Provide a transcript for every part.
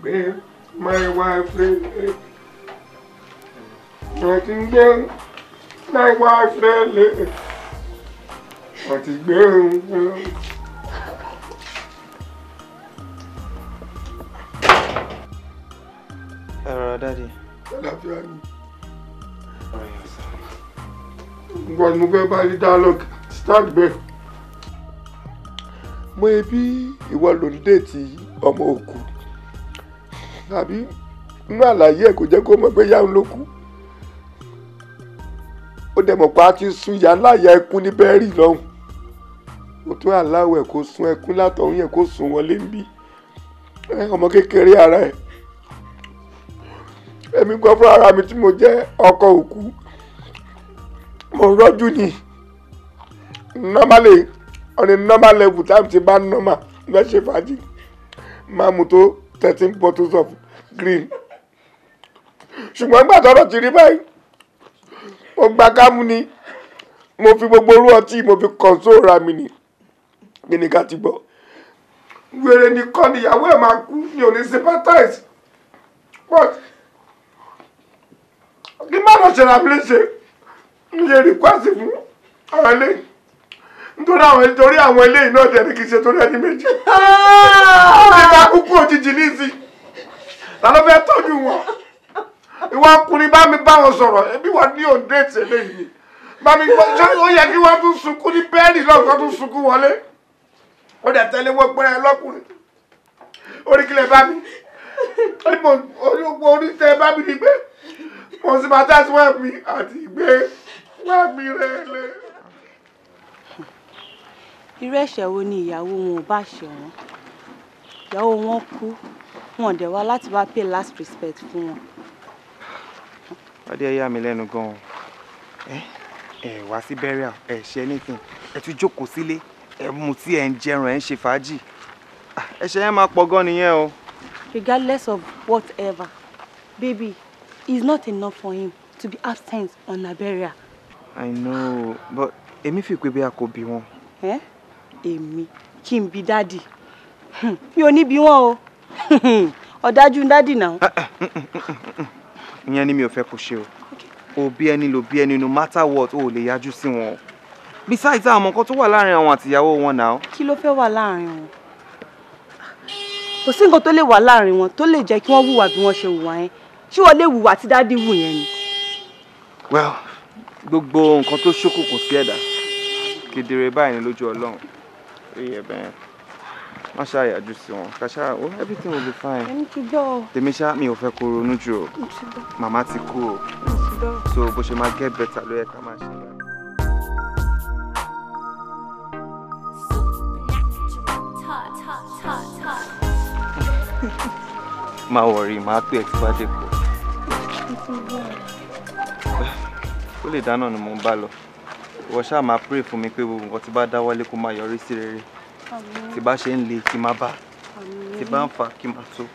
gbé my wife lélẹ̀ wọ́n ti gbé my wife lélẹ̀ wọ́n ti gbé òun. ẹ̀rọ dáàdì. àlàáfíà ni. nǹkan ni mo fẹ́ bá yí dialogue start bẹ́ẹ̀. mo ebi ìwọ lòdì déètì ọmọ òkú àbí nínú àlàyé ẹ̀ kò jẹ́ kó mọ̀ pé ìyá òun ló kú ó dẹ̀ mọ̀ pé a ti sun ìyá láyà ẹkún ní bẹ́ẹ̀rì lọ́hùn ó tún aláwọ̀ ẹ̀ kó sun ẹkún látọ̀hún yẹn kó sun wọlé níbí ọmọ kékeré ara ẹ̀ èmi gbọ́ fún ara mi tí mo jẹ́ ọkọ òkú mo rọ́jú ni normally on a normal level ti bá normal lọ́ọ́ fàájì máa tó thirteen bottles of green ṣùgbọ́n nígbà tọ́rọ̀ ti rí báyìí mo gba kámú ni mo fi gbogbo orú ọtí mo fi console ra mi ni mi ká ti gbọ́ wèrè nìkan nìyàwó ẹ̀ máa kú ní sympathize but kí má lọ ṣẹlẹ̀ àbílẹ̀ ṣe mi fún àwọn nítorí àwọn eléyìí náà tẹ̀lé kì í ṣe torí ẹni méjì. Ah! òjijì nísì ta ló fẹ́ tọ́jú wọn ìwọ ọkùnrin bá mi bá wọn sọ̀rọ̀ ẹbí wọn ní òǹdè tẹ̀lé yìí bá mi gbọ́ ṣé ó yẹ kí wọ́n tún sunkún ní bẹ́ẹ̀lì lọ́kàn tún sunkún wọlé ó dẹ̀ tẹ́lẹ̀ wọ́n pẹ́rẹ́ lọ́kùnrin orí kílẹ̀ bá mi orí tẹ́ bá mi ni pé mo sì máa dá sí wá mi àti ìgbé wá mi rẹ̀ lé. irú ẹ̀ṣẹ̀ wo ni ìyàwó wọn ò bá ṣe wọ́n ìyàwó wọn kú wọn dẹ̀ wá láti wá pay last respect fún wọn. wádìí ẹ yà mí lẹ́nu gan-an ẹ ẹ wá sí burial ẹ ṣe anything ẹ tún jókòó sílé ẹ mutí ẹ ń jẹran ẹ ń ṣe fàájì ẹ̀ṣẹ̀ yẹn máa pọ̀ gan nìyẹn o. regardless of whatever baby it's not enough for him to be absent on her burial. i know but Emi fi pé bí a kò bí wọn. ẹ èmi kí n bí dáàdì mi ò ní bí wọn o ọ̀dájú dádì náà. Eh, eh, mm, mm, mm, ìyẹn ni mi ò fẹ́ kó ṣe o òbí ẹni ló bí ẹni no matter what o ò lè yájú sí wọn o besides àwọn nǹkan tó wà láàrin àwọn àtìyàwó wọn náà. kí ló fẹ́ wà láàrin wọn kò sí nǹkan tó lè wà láàrin wọn tó lè jẹ́ kí wọ́n hùwà bí wọ́n ṣe hùwà yẹn ṣé wọ́n lè hùwà tí dádì hù yẹn ni. well gbogbo nǹkan tó ṣókùnkùn sí ẹ̀dá kedere báyìí ni lójú ọlọ́run ó yẹ bẹ́ẹ̀ má ṣàyà jù sí wọn kàṣà o everything will be fine. ẹni ti gbọ́ o. tèmi ṣá mi ò fẹ́ kó ronú jù o. mo ti gbọ́. màmá ti kú o. mo ti gbọ́. so bó ṣe máa get better ló yẹ ká máa ṣe. worry. wọrí má pé ẹtí bá dé kó. ó lè dáná ni mo ń bá lọ ìwọ ṣáà máa pray fún mi pé gbogbo nǹkan tí bá dáwọ́lé kó máa yọrí sí rere tí bá ṣe ń le kí máa bá tí bá ń fa kí máa tó.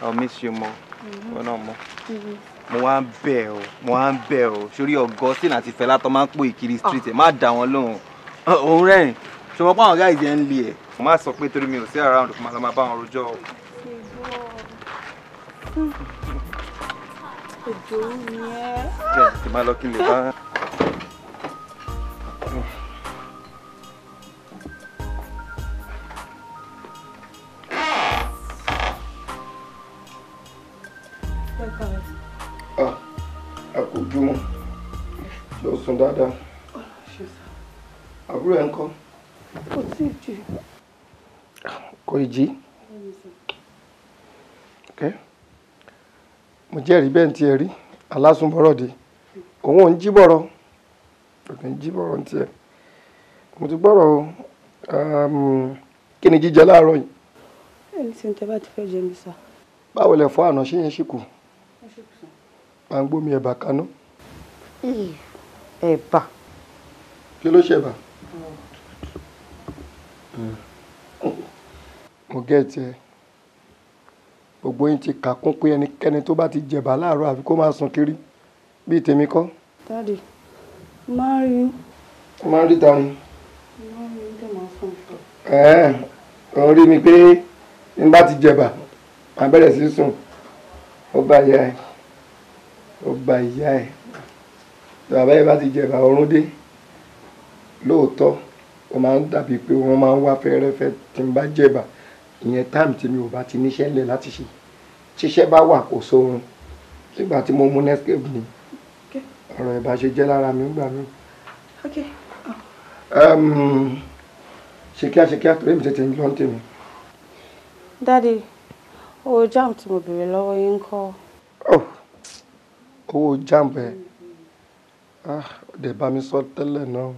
I'll miss you more mm-hmm. wọn náà mọ mm-hmm. mo wá ń bẹ̀ ọ́ mo wá ń bẹ̀ ọ́ sórí Augustine àti Fẹlá tó máa ń pò ìkiri ah. street ẹ̀ má dá wọn lóhùn òun rẹ́rìn ṣùgbọ́n báwọn guys yẹn ń lé ẹ̀ mo máa sọ pé torí mi ò sí around kó máa lọ máa bá wọn rojọ́ o. òjò ń yẹ. bẹ́ẹ̀ ti máa lọ kí n lè bá. jẹ́rìí bẹ́ẹ̀ ní tiẹ̀ rí alásùnbọ̀rọ̀dé òun ò ń jíbọ̀rọ̀ òun ń jíbọ̀rọ̀ ní tiẹ̀ mo ti gbọ́rọ̀ kí ni jíjẹ láàárọ̀ yìí. ẹni tí n tẹ́ bá ti fẹ́ jẹ mi sá. báwo lẹ fọ àná ṣé yẹn à ń gbómi ẹ̀bà kaná. ẹ̀bà. kí ló ṣe ẹ̀bà. mo gẹ́ tiẹ̀ gbogbo yín ti kà kún pé ẹnikẹ́ni tó bá ti jẹ̀bà láàárọ̀ àfi kó máa sùn kiri bíi tèmi kọ́. dáàdì máa ń rí. máa ń rí ta ni. máa ń rí tẹ̀ máa sùn. ẹ̀ẹ́ ò ń rí mi pé n bá ti jẹ̀bà màá bẹ̀rẹ̀ sí sùn ó bá ìyá ẹ̀ ó bá ìyá ẹ̀ bàbá yẹn bá ti jẹ̀bà ọ̀run dé lóòótọ́ ó máa ń dàbí pé wọ́n máa ń wá fẹ́rẹ́fẹ́ tí n bá jẹ̀bà ìyẹn táìmù tí mi ò bá ti níṣẹ́ lẹ̀ láti ṣe tíṣẹ́ bá wà kò sóhun nígbà tí mo mú Netscape ni ọ̀rọ̀ ìbá ṣe jẹ́ lára mi nígbà mi. ṣe kíá ṣe kíá torí mi tètè ń lọ ń tèmi. dádì owó jáàmù tí mo béèrè lọ́wọ́ yín ń kọ́. Oh, owó jáàmù ẹ̀ ah dẹ̀ bá mi sọ tẹ́lẹ̀ náà.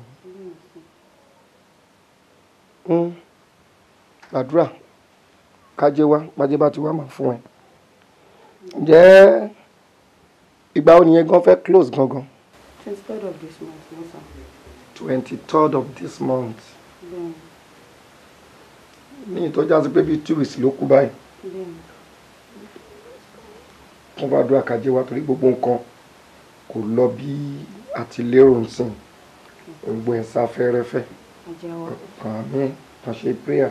Hmm, àdúrà kájé wá bájé bá ti wá mà fún ẹ ǹjẹ́ ìgbà wo nìyẹn gan fẹ́ close gangan. twenty third of this month no sir. twenty third of this month. ní ìtọ́jà sí pé bíi two weeks ló kú báyìí. wọ́n bá dúró àkàjẹ́ wa torí gbogbo nǹkan kò lọ bí a ti lérò nsìn gbogbo ẹ̀ sá fẹ́rẹ́fẹ́ àmín àṣẹ prayer.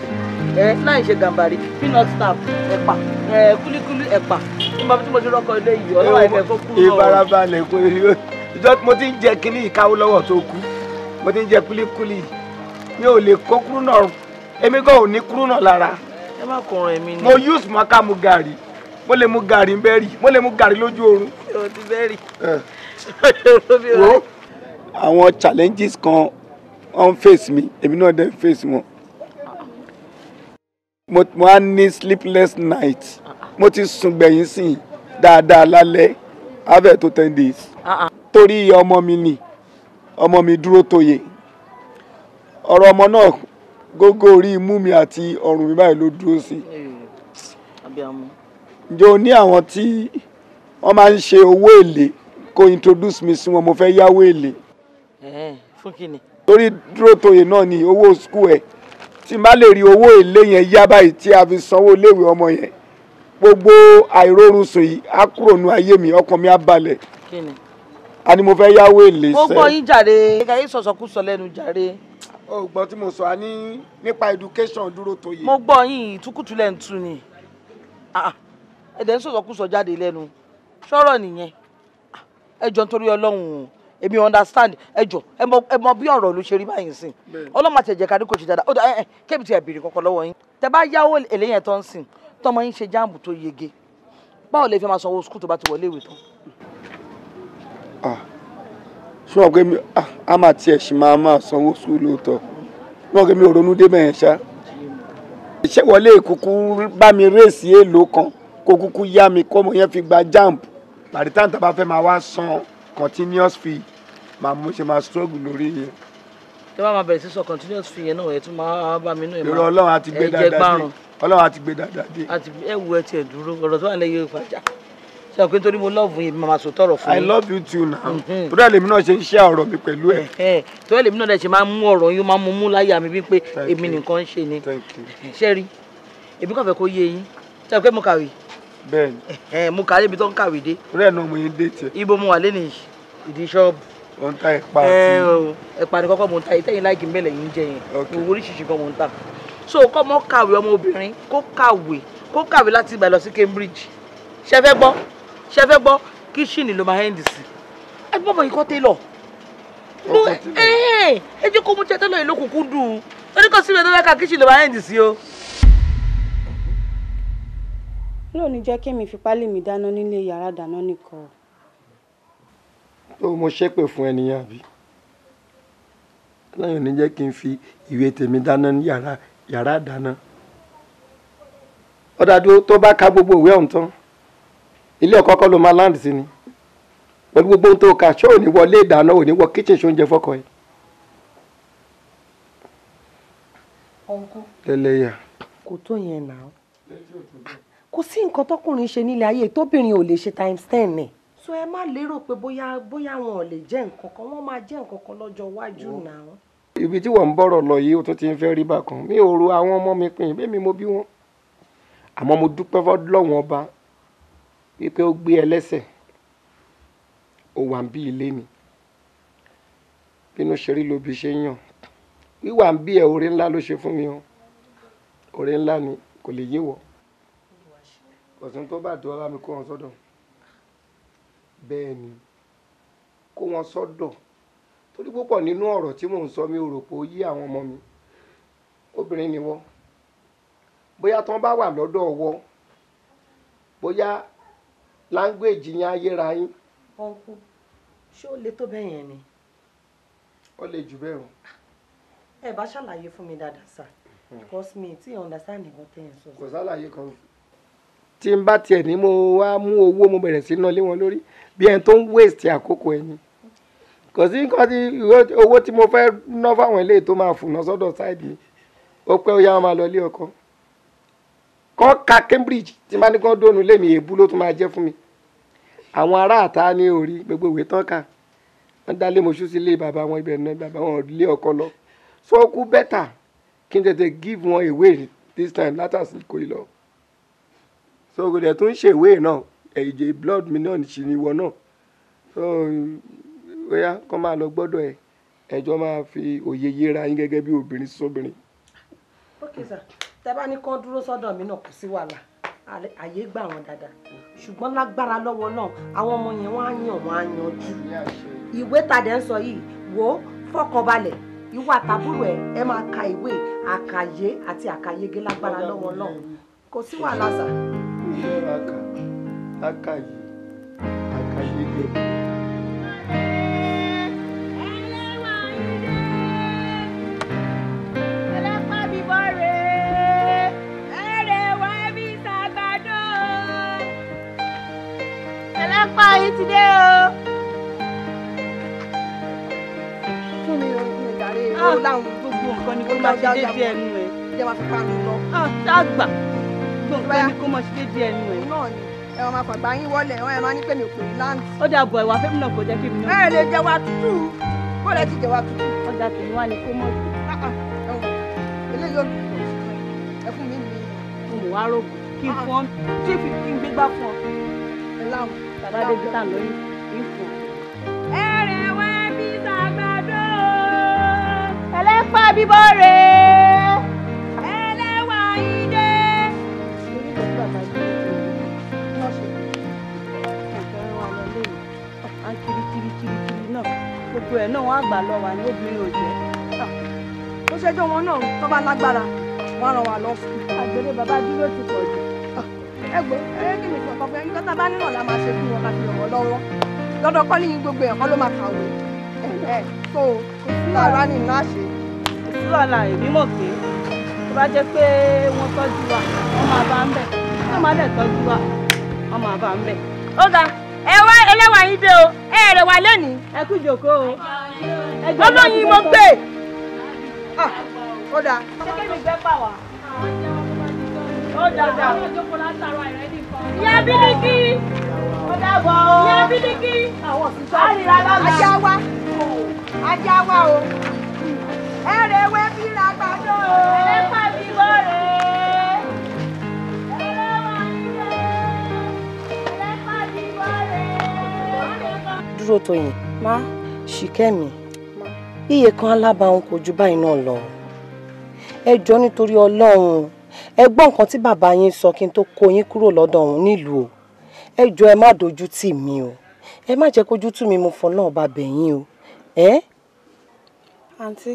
ẹ eh, láì ṣe gàmbàrí peanut tap ẹ̀pà ẹ eh, kúlíkúlí ẹ̀pà tó bá tí mo ti rọ́kọ ilé yìí ọlọ́wà ilẹ̀ kó kú lọ́wọ́. ìfarabalẹ̀ kò yọ ìjọ mo ti ń jẹ kínní ìkáwó lọ́wọ́ tó kú mo ti ń jẹ kúlíkúlí mi ò lè kó kúrú náà èmi gan ò ní kúrú náà lára. ẹ má kó ràn mí ni. mo use maka mu gàrí mo lè mu gàrí bẹ́rì mo lè mu gàrí lójú oorun. Eh. àwọn challenges kan on face mi èmi náà dẹ̀ face wọn mo á ní sleepless night mo ti sùn gbẹ̀yìn sí i dáadáa lálẹ́ abẹ́ tó ten days uh-uh. torí ọmọ mi ni ọmọ mi dúró toyè ọ̀rọ̀ ọmọ náà gógó orí imú mi àti ọrùn mi báyìí ló dúró sí i hmm. ǹjẹ́ o ní àwọn tí wọ́n máa ń ṣe owó èlé kó introduce mi sí wọn mo fẹ́ yáwó èlé torí dúró toyè náà ni owó school ẹ̀. E tí n bá lè rí owó èlé yẹn yá báyìí tí a fi sanwó léèwé ọmọ yẹn gbogbo àìrórun sùn yìí á kúrò nù ayé mi ọkàn mi á balẹ̀ a ni mo fẹ́ yáwó èlé sẹ́ẹ̀. gbogbo yín jàre ẹ̀ka yín sọ̀sọ̀kúsọ lẹ́nu jàre o gbọ́ tí mo sọ a ní nípa education dúró tó yẹ. mo gbọ́ yín ìtukùtù lẹ́ ń tu ni ah, ah. ẹ̀dẹ̀ ń sọ̀sọ̀kúsọ jáde lẹ́nu sọ̀rọ̀ nìyẹn ah, ẹjọ́ nítorí ọlọ́run o èmi understand ẹ jọ ẹ mọ bí ọ̀rọ̀ ló ṣe rí báyìí sìn ọlọ́mọ àtẹ̀jẹ̀ kárí kò ṣe dáadáa ó dà ẹ kébi tí ẹ bèrè kọ́kọ́ lọ́wọ́ yín tẹ bá yáwó eléyẹn tó ń sìn tọmọ yín ṣe jáàmù tó yege báwo lè fi máa sanwó skul tó bá ti wọlé ìwé tán. Ah, ṣé wọn gbé mi ah, a máa tiẹ̀ ṣì máa máa sanwó skul lóòótọ́ wọn gbé mi ronú débẹ̀ yẹn ṣá iṣẹ́ wọlé ìkúkú bá mi réèsì èèlò kan kó kúkú yá mi kọ́mọ yẹn fi gba jáàmù continuous fee màá mo ṣe máa struggle lórí yẹn. tó bá máa bẹ̀rẹ̀ sí sọ continuous fee yẹn náà ẹ̀ tún máa bá mi náà ẹ̀ máa ìrọ̀ ọlọ́run àti ọlọ́run àti gbé dáadáa dé. àti ẹ wo ẹ tiẹ̀ dúró ọ̀rọ̀ tó wà lẹ́yìn ìpàjà sọ pé nítorí mo love yín màmá sọ tọrọ fún yín. i love you too now. tó dẹ̀ lèmi náà ṣe ń ṣe ọ̀rọ̀ mi pẹ̀lú ẹ̀. tó dẹ̀ lèmi náà ṣe máa ń mú ọ̀rọ̀ yín máa ń mú láyà mi wípé èmi nìkan ń ṣe ni. ṣé rí èmi kàn fẹ́ kó yé yín sọ pé mo kàwé bẹ́ẹ̀ni. ẹ mo kàlẹ́ ibi tó ń kàwé dé. rẹ̀ náà mo yẹn dé tiẹ̀. ibo mo wà lẹ́nu ìdí ṣọ́ọ̀bù. ó ń ta ẹ̀pà àti. ẹ o ẹ̀pà ni kọ́kọ́ mo ń ta ìtẹ́yìn láìkí mbẹ́lẹ̀ yìí ń jẹ yẹn. ok owó oríṣiríṣi kan mo ń ta. so kọ́ mọ́ kàwé ọmọbìnrin kó kàwé kó kàwé láti ibà lọ sí Cambridge. ṣe fẹ́ gbọ́ ṣe fẹ́ gbọ́ kíṣìnì ló máa hẹ́ndì sí. ẹ bí bọ́bọ̀ yìí kọ́ télọ̀. ẹ jẹ́ kó mú tẹ́tẹ́lọ̀ ìlókùnkún dùn. oníkọ̀sí mi ẹ̀ tó fẹ́ ka kíṣìnì ló máa hẹ́ndì sí o. lóò ní jẹ́ mi fi pálí mi dáná nílé yàrá dáná nìkan. tó mo ṣépè fún ẹnìyàn àbí aláyọ̀ ní jẹ́ kí n fi ìwé tèmi dáná ní yàrá yàrá dáná ọ̀dà tó bá ka gbogbo ìwé ọ̀hún tán ilé ẹ̀kọ́ kọ́ ló máa láǹdì sí ni pẹ̀lú gbogbo ohun tó kà ṣé ò ní wọlé ìdáná ò ní wọ kíchìn ṣó ń jẹ fọ́kọ ẹ̀. lẹ́lẹ́yà. kò tó yẹn náà kò sí nǹkan tọkùnrin ṣe nílé ayé tóbìnrin ò lè ṣe times ten ni so ẹ má lérò pé bóyá bóyá wọn ò lè jẹ́ nǹkan kan wọ́n máa jẹ́ nǹkan kan lọ́jọ́ iwájú náà. ibi tí wọ́n ń bọ̀rọ̀ lọ yìí ó tún ti ń fẹ́ rí bákan mi ò ro àwọn ọmọ mi pin bẹ́ẹ̀ mi mo bí wọn àmọ́ mo dúpẹ́ fọ́lọ́wọ́n ọba wípé ó gbé ẹlẹ́sẹ̀ ó wà ń bí ilé mi bínú ṣe rí lóbi ṣe yàn wíwà ń bí ẹ oore ńlá ló ṣe fún mi o oore ńlá ni kò lè yé wọ́n ọ̀sán tó bá dọ́lá mi kó wọn sọ́dọ̀ bẹ́ẹ̀ ni kó wọn sọ́dọ̀ torí púpọ̀ nínú ọ̀rọ̀ tí mò ń sọ mi ò rò pé ó yí àwọn ọmọ mi obìnrin ni wọ́n bóyá tán bá wà lọ́dọ̀ wọ́ bóyá láńgbèjì yẹn ayéra yín. ọ̀nkú ṣé ó le tó bẹ́ẹ̀ yẹn ni. ó le jù bẹ́ẹ̀ o. ẹ bá ṣàlàyé fún mi dáadáa sir hmm. because me tí understand nǹkan tẹ́ ẹ̀ ń sọ. kò sálàyé kan tí n bá tiẹ̀ ní mo wá mú owó mo bẹ̀rẹ̀ sí ná lé wọn lórí bí ẹni tó ń waste àkókò ẹni kò sí nǹkan tí owó tí mo fẹ́ ná fáwọn eléyìí tó máa fùnà sọ́dọ̀ sáìdì mi ó pẹ́ ó yá wọn máa lọ ilé ọkọ kọ́ ka Cambridge tí má ní kán dóònù lémi èébú ló tún máa jẹ́ fún mi àwọn ará àta ní orí gbogbo ìwé tán kà wọ́n dá lé moṣú sí ilé bàbá wọn ibẹ̀ náà bàbá wọn lé ọkọ lọ so ó kú bẹ́tà kí n tètè give wọn away this time látàsí kò ì lọ so kò dẹ̀ tún ṣèwé náà ẹ̀jẹ̀ blood mi náà sì ni ìwọ náà so bóyá kọ́ máa lọ gbọ́dọ̀ ẹ̀ ẹjọ́ máa fi òye yéra yín gẹ́gẹ́ bí obìnrin sóbìnrin. ok sir tẹ bá ní kán dúró sọ́dọ̀ mi náà kò sí wàhálà àyè gbà wọn dáadáa ṣùgbọ́n lágbára lọ́wọ́ náà àwọn ọmọ yẹn wọ́n á yàn wọ́n á yanjú ìwé tàdé ń sọ yìí wò ó fọkànbalẹ̀ ìwà tàbúrò ẹ ẹ máa ka ìwé àkàyé àti àkàyégé lágbára lọ́wọ́ náà kò sí wàhálà sà iṣẹ́ làkà làkà yìí làkà yìí gẹ̀. Ẹlẹ́pà yìí ti dé o. Fún mi gbọ́n pé ní kó mọ̀ ṣe déédéé ẹnu ẹ̀. náà ni ẹ wọn máa fàgbà yín wọlé ẹ wọn ẹ máa ní pé mi ò pè é láǹtì. ó dà bọ̀ ẹ̀wà fẹ́mi náà kò jẹ́ kí mi náà. ẹ lè jẹ wa tútù kó lè ti jẹ wa tútù. ọjà tèmi wá ni kó mọ̀ jù. Ah, ah, eléyìí ò dùn ẹ fún mi mi. mo mọ̀ wá rògbò kí n ah, fọ́n tí kí n gbé gbá fún ọ. ẹ láwọn bàbá débi tà lóyún kì í fún ọ. ẹ rìn wá bí sàgbàdo ẹlẹ́pàá bíbọ̀ rèé. gbogbo ẹ̀ náà wọ́n àgbà lọ wà ní obìnrin òjẹ́ ó ṣẹjọ́ wọn náà tó bá lágbára wọ́n á ràn wá lọ fún un. àgbèrè bàbá dúró ti pọ̀ jù ẹgbẹ́ ẹgbẹ́ mi sọ̀kan pé nǹkan tá a bá nílò la máa ṣe fún wọn láti ràn wọ́n lọ́wọ́ lọ́dọ̀ kọ́ níyìn gbogbo ẹ̀kọ́ ló máa kàwé ẹ̀ tó lára ní iná ṣe. ìṣúra la èmi mọ̀ pé tó bá jẹ́ pé wọ́n tọ́jú wa wọ́n máa bá ń bẹ̀ wọ́n máa dẹ̀ tọ́jú wa wọ́n máa bá ń bẹ̀. ó ga ẹ wá ẹlẹ́wàá yín dé o ẹ rẹ̀ wá lẹ́nìí ẹ kú jòkó o olóyin mo gbé ah, ó dáa. ṣé kébì gbẹ́ pà wá. ó dáa. ìyá bídíkì. ó dàbọ̀ o. ìyá bídíkì. àwọn òṣìṣẹ́ àrírá lọ́la. ajá wa ajá wa o. ẹ rẹ̀ wẹ́ bí ra gbàdọ̀ o. ẹ pa mi wọ́ rẹ̀. dúró tó yìn má ṣìkẹ́mi iye kan alábàáhùn kò ju báyìí náà lọ ẹ jọ nítorí ọlọ́run ẹ gbọ́ nǹkan tí bàbá yín sọ kí n tó kó yín kúrò lọ́dọ̀ òun nílùú o ẹ jọ ẹ má dojú tì mí o ẹ má jẹ́ kójú tù mí mo fọ náà bá bẹ̀yìn o ẹ. àǹtí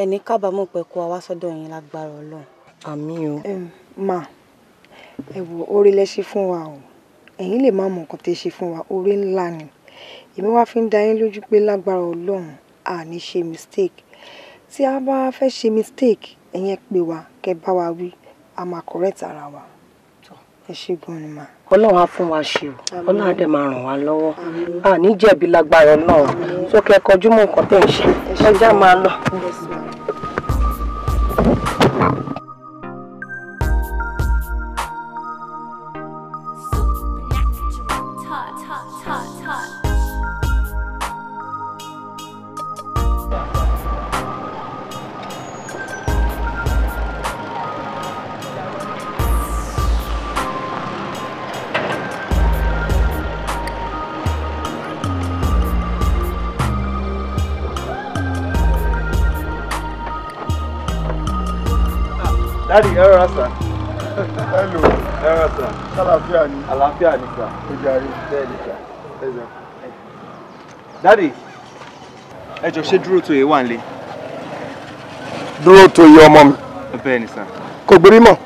ẹni kábàámọ̀ pé kó wa wá sọ́dọ̀ yín lágbára ọlọ́run. o. mà ẹ wo orí lẹ ṣe fún wa o ẹ̀yin lè má mọ nǹkan tẹ́ ṣe fún wa orí ńlá ni. Èmi wá fi ń dá yín lójú pé lágbára Ọlọ́run, a ní ṣe mistake. Tí a bá fẹ́ ṣe mistake, ẹ̀yin pé wa, kí ẹ bá wa wí, a máa correct ara wa. Ẹ ṣe gan ni má. Ọlọ́run á fún wa ṣe o. Ọlọ́run á dẹ̀ máa ràn wá lọ́wọ́. A ní jẹ̀bi lágbára Ọlọ́run. Só kọjú mọ́ nǹkan tó ń ṣe. Ẹ já máa lọ. dadi ẹ rọra sà. hello ẹ rọra sà. àlàáfíà ni. àlàáfíà ni sà. ó jàre. bẹ́ẹ̀ ni dadi ẹ jọ ṣé dúró tó yẹ wà nílé. dúró tó yẹ ọmọ mi. bẹ́ẹ̀ ni kò gbérí mọ́.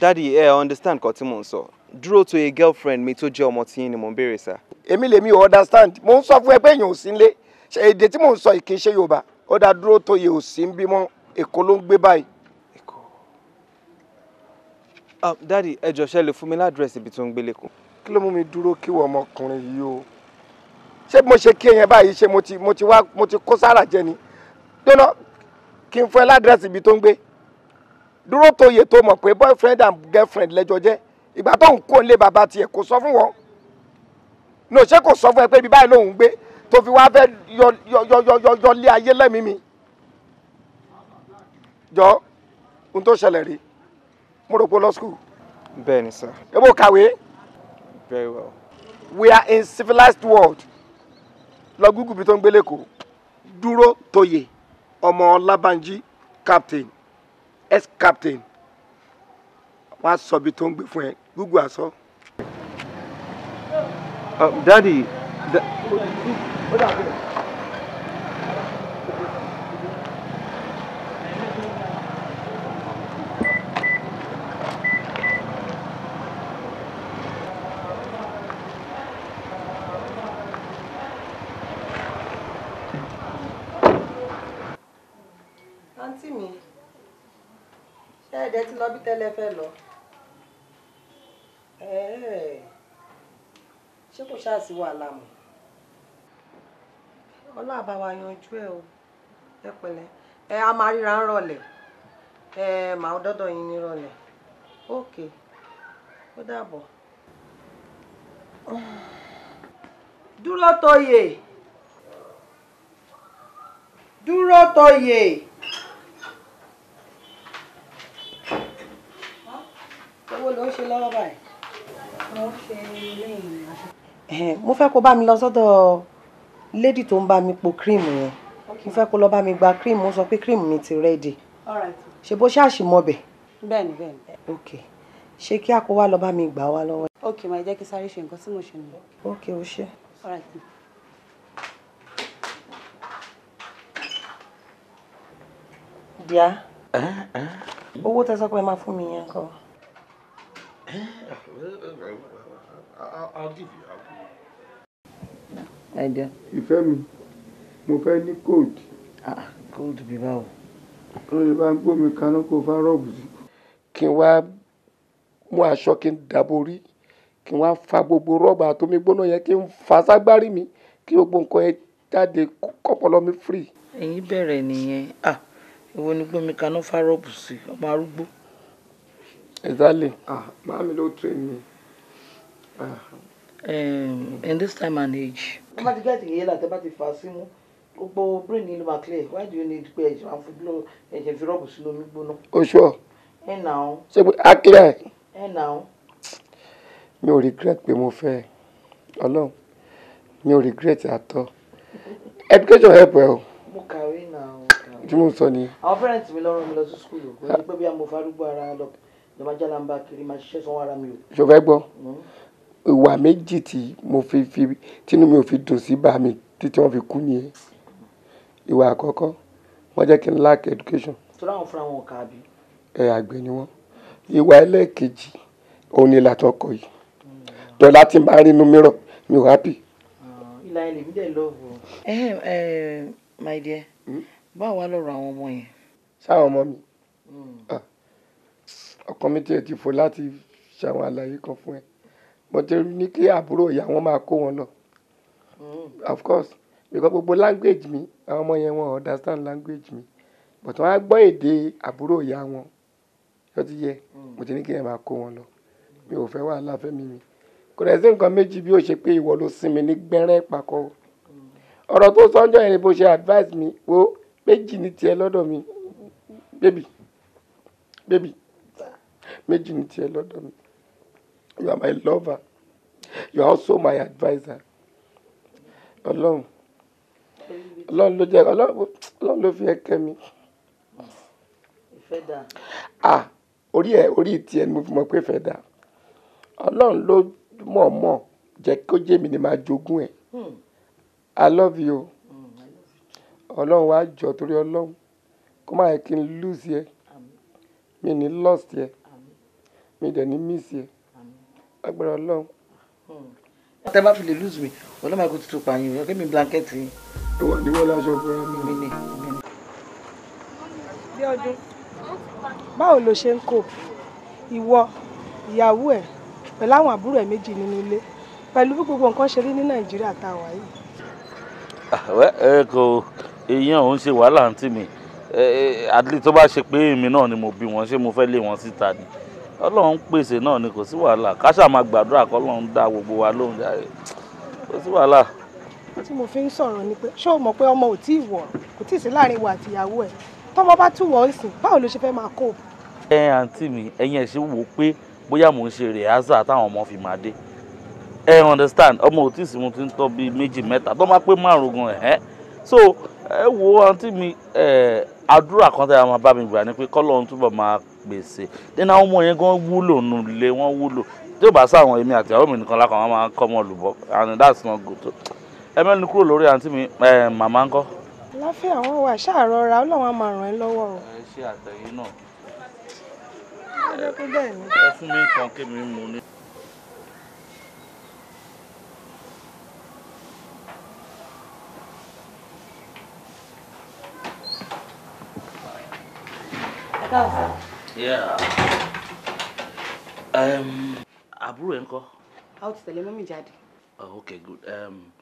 dadi ẹ understand kan tí mò ń sọ dúró tó yẹ girlfriend mi tó jẹ́ ọmọ tí yín ni mò ń béèrè sà. èmi lèmi ò understand mò ń sọ fún ẹ pé èèyàn ò sí nílé èdè tí mò ń sọ yìí kì í ṣe Yorùbá ó dá dúró tó yẹ ò sí ń bímọ Èkó ló ń gbé báyìí Um, dádì ẹ jọ̀ọ́ ṣé lè fún mi ládírẹ́sì ibi tó ń gbé lẹ́kọ̀ọ́. kí ló mú mi dúró kí wọ́n ọmọkùnrin yìí o ṣé mo ṣe kí ẹyẹn báyìí ṣé mo ti kó sára jẹ ni dóná kí n fún ẹ ládírẹ́sì ibi tó ń gbé dúró tó yẹ tó mọ̀ pé boyfriend and girlfriend lẹ́jọ́ jẹ́ ìgbà tó ń kó nílé bàbá tiẹ̀ kò sọ fún wọn ní òṣè kò sọ fún ẹ pé ibi báyìí lòun gbé tó fi wá fẹ́ yọ yọ yọ yọ yọ lé ayé lẹ́mìí mi jọ ohun tó ṣẹlẹ̀ rèé mo rò pé law school. bẹ́ẹ̀ni sir. ebo kàwé. very well. we are in civilized world. lọ gúgùn bí tó ń gbélé kó dúró tóyè ọmọ ọlábànjí captain ex captain wọn á sọ bí tó ń gbé fún ẹ gúgùn àsọ. Uh, dadi. Da ẹ̀ẹ́dẹ́ ti lọ bí tẹ́lẹ̀ fẹ́ lọ ṣé kò ṣáà sí wàhálà mọ́ ọlá àbáwá yanjú ẹ o ẹ pẹ̀lẹ́ ẹ a máa ríra ń rọ̀lẹ́ ẹ màá dọ́dọ̀ yín ní rọ̀lẹ́ òkè ó dàbọ̀ dúró tóyè dúró tóyè. ló ń ṣe lọ́wọ́ báyìí. mo fẹ́ kó bá mi lọ sọ́dọ̀ lady tó ń bá mi po cream yẹn mo fẹ́ kó lọ bá mi gba cream ó sọ pé cream mi ti ready. ṣe bó ṣáàṣì mọ bẹ̀. bẹ́ẹ̀ni bẹ́ẹ̀ni. ok ṣe kí a kó wá lọ bá mi gbà wá lọ́wọ́. ok máa jẹ́ kí sáré ṣe nǹkan tí mo ṣe nù. ok o ṣe. all right. díà owó tẹ sọ pé máa fún mi yẹn kọ́. I'll give you. I'll give you. Ẹ jẹ́. Ìfẹ́ mi, mo fẹ́ ní kóòdù. Kóòdù bíi báwo? Ó lè bá ń gbómi kaná kó fá rọ́ọ̀bù sí. Kí n wá mú aṣọ kí n dàborí kí n wá fa gbogbo rọ́ọ̀bù àtomi gbóná yẹn kí n fa ságbárí mi kí gbogbo nǹkan yẹn jáde kọ́pọ̀lọ́ mi free. Ẹ̀yin bẹ̀rẹ̀ nìyẹn. Ìwọ ah, ni gbómi kaná fá rọ́ọ̀bù sí ọmọ arúgbó. Exactly. Ah, màámi ló train me. Ah. Um, in this time and age. Ẹ bá ti gẹ́ẹ̀tì yìí là tẹ́ bá ti fà á símú. Gbogbo brain Why do you need pé ẹ̀jẹ̀ máa fojú lọ ẹ̀jẹ̀ fi rọ́ọ̀bù sínú omi gbóná? O oh, sure. Ẹ nà ó. Ṣé pé á clear ẹ̀? Ẹ nà ó. regret pé mo fẹ́ Alone, Ọlọ́run regret at all. Education help ẹ o. Mo kàwé nà ó. Tí Our sọ ni. Àwọn parents mi lọ rán mi school. We ní pẹ́ bí a mo farúgbó ara lọ ṣo fẹ́ gbọ́ hmm. ìwà méjì tí mo fi fi tínú mi ò fi dùn sí bá mi títí wọ́n fi kú nìyẹn ìwà àkọ́kọ́ wọ́n jẹ́ kí n lack education. tó dáhùn fúnra wọn kà á bí. ẹ àgbẹ̀ ni wọ́n ìwà ẹlẹ́ẹ̀kejì òun ni ìlàtọ̀ ọkọ̀ yìí hmm. tọ́lá ti máa rí inú mìíràn mi ò happy. Hmm. ìlà ilé mi dẹ̀ lọ́ọ̀bù. my dear báwo wá lọ́rọ̀ àwọn ọmọ yẹn. sáwọn ọmọ mi. Ah ọkàn mi tiẹ̀ ti fò láti ṣàwọn àlàyé kan fún ẹ bọ́tẹ́ ní kí àbúrò ìyá wọn máa kó wọn lọ hmm. of course because gbogbo language mi àwọn ọmọ yẹn wọn understand language mi but wọn á gbọ́ èdè àbúrò ìyá wọn tó ti yẹ hmm. mo ti ní kí ẹ máa kó wọn lọ mi ò fẹ́ wàhálà fẹ́mi mi kò rẹ̀ sí nǹkan méjì bí ó ṣe pé ìwọ ló sinmi ní gbẹ́rẹ́ ìpàkọ́ hmm. ọ̀rọ̀ tó sọ́njọ́ yẹn ni bó ṣe advice mi wo méjì ní tiẹ̀ lọ́dọ̀ mi bébì bébì méjì ní tiẹ̀ lọ́dọ̀ mi you are my lover you are also my adviser ọlọ́run ọlọ́run ló jẹ́ ọlọ́run ló fi ẹ̀kẹ́ mi. ah orí ẹ orí tiẹ̀ ni mo fi mọ̀ pé fẹ́ dà ọlọ́run ló mọ̀ọ́mọ̀ jẹ́ kó jẹ́ mi ni máa jogún ẹ̀ hmm. i love you hmm, ọlọ́run wá jọ torí ọlọ́run kó má yẹ kí n lose yẹ mi ní lost yẹ. Yeah mi dẹ̀ ní mísì ẹ̀ agbára ọlọ́run. Hmm. tẹ́ bá fi lè lùzù mi ọlọ́mọ ẹ̀kọ́ tuntun pààyàn yọ kí mi blanket yín. ìwọ ni wọ́n láṣọ fún ẹ. mi ni. bí ọdún báwo ló ṣe ń kó ìwọ ìyàwó ẹ pẹ̀lú àwọn àbúrò ẹ méjì nínú ilé pẹ̀lú bí gbogbo nǹkan ṣe rí ní nàìjíríà tá a wà yìí. àwẹ ah, ẹ kò èèyàn òun ṣe wàhálà àǹtí mi àdìlẹ tó bá ṣe pé èmi náà ni mo bí wọn ṣé mo fẹ́ lé wọn síta ni ọlọ́run pèsè náà ni kò sí wàhálà káṣà máa gbàdúrà kọ́ ọlọ́run dá gbogbo wa lóhùn jáde kò sí wàhálà. tí mo fi ń sọ̀rọ̀ ni pé ṣé o mọ̀ pé ọmọ ò tí ì wọ̀ kò tí ì sí láàrin ìwà àtìyàwó ẹ̀ tọ́mọ bá tún wọ̀ ọ́ sìn báwo ló ṣe fẹ́ máa kó. ẹ àǹtí mi ẹ̀yin ẹ ṣe wò ó pé bóyá mò ń ṣe rìhásà táwọn ọmọ fi máa dé ẹ understand ọmọ ò tí ì sí mo ti ń tọ́ bíi méjì mẹ́ta tó máa pé márùn gan ẹ̀ so ẹ wo àǹtí mi àdúrà kan tẹ́ ẹ máa bá mi gbà ni pé kọ́lọ́run túbọ̀ máa gbèsè dẹ́nu àwọn ọmọ yẹn gan wúlò nulẹ̀ wọ́n wúlò tí ó bá sáwọn èmi àti àwọn òmìnira kan lákàn wọn máa kọ́ ọmọ olùbọ́ and that's not good. ẹ mẹ́rin kúrò lórí àǹtí mi màmá ń kọ́. láfíà wọn wà ṣàárọ̀ ra ọlọ́wọ́n máa ràn ẹ́ lọ́wọ́ o. ẹ ṣe àtẹ̀yìn náà. ẹ fún mi kan kí mi mú ní. Gracias. Yeah. Um. ń Enko. a ó ti tẹ̀lé mọ́mì jáde. Oh, ok good Um.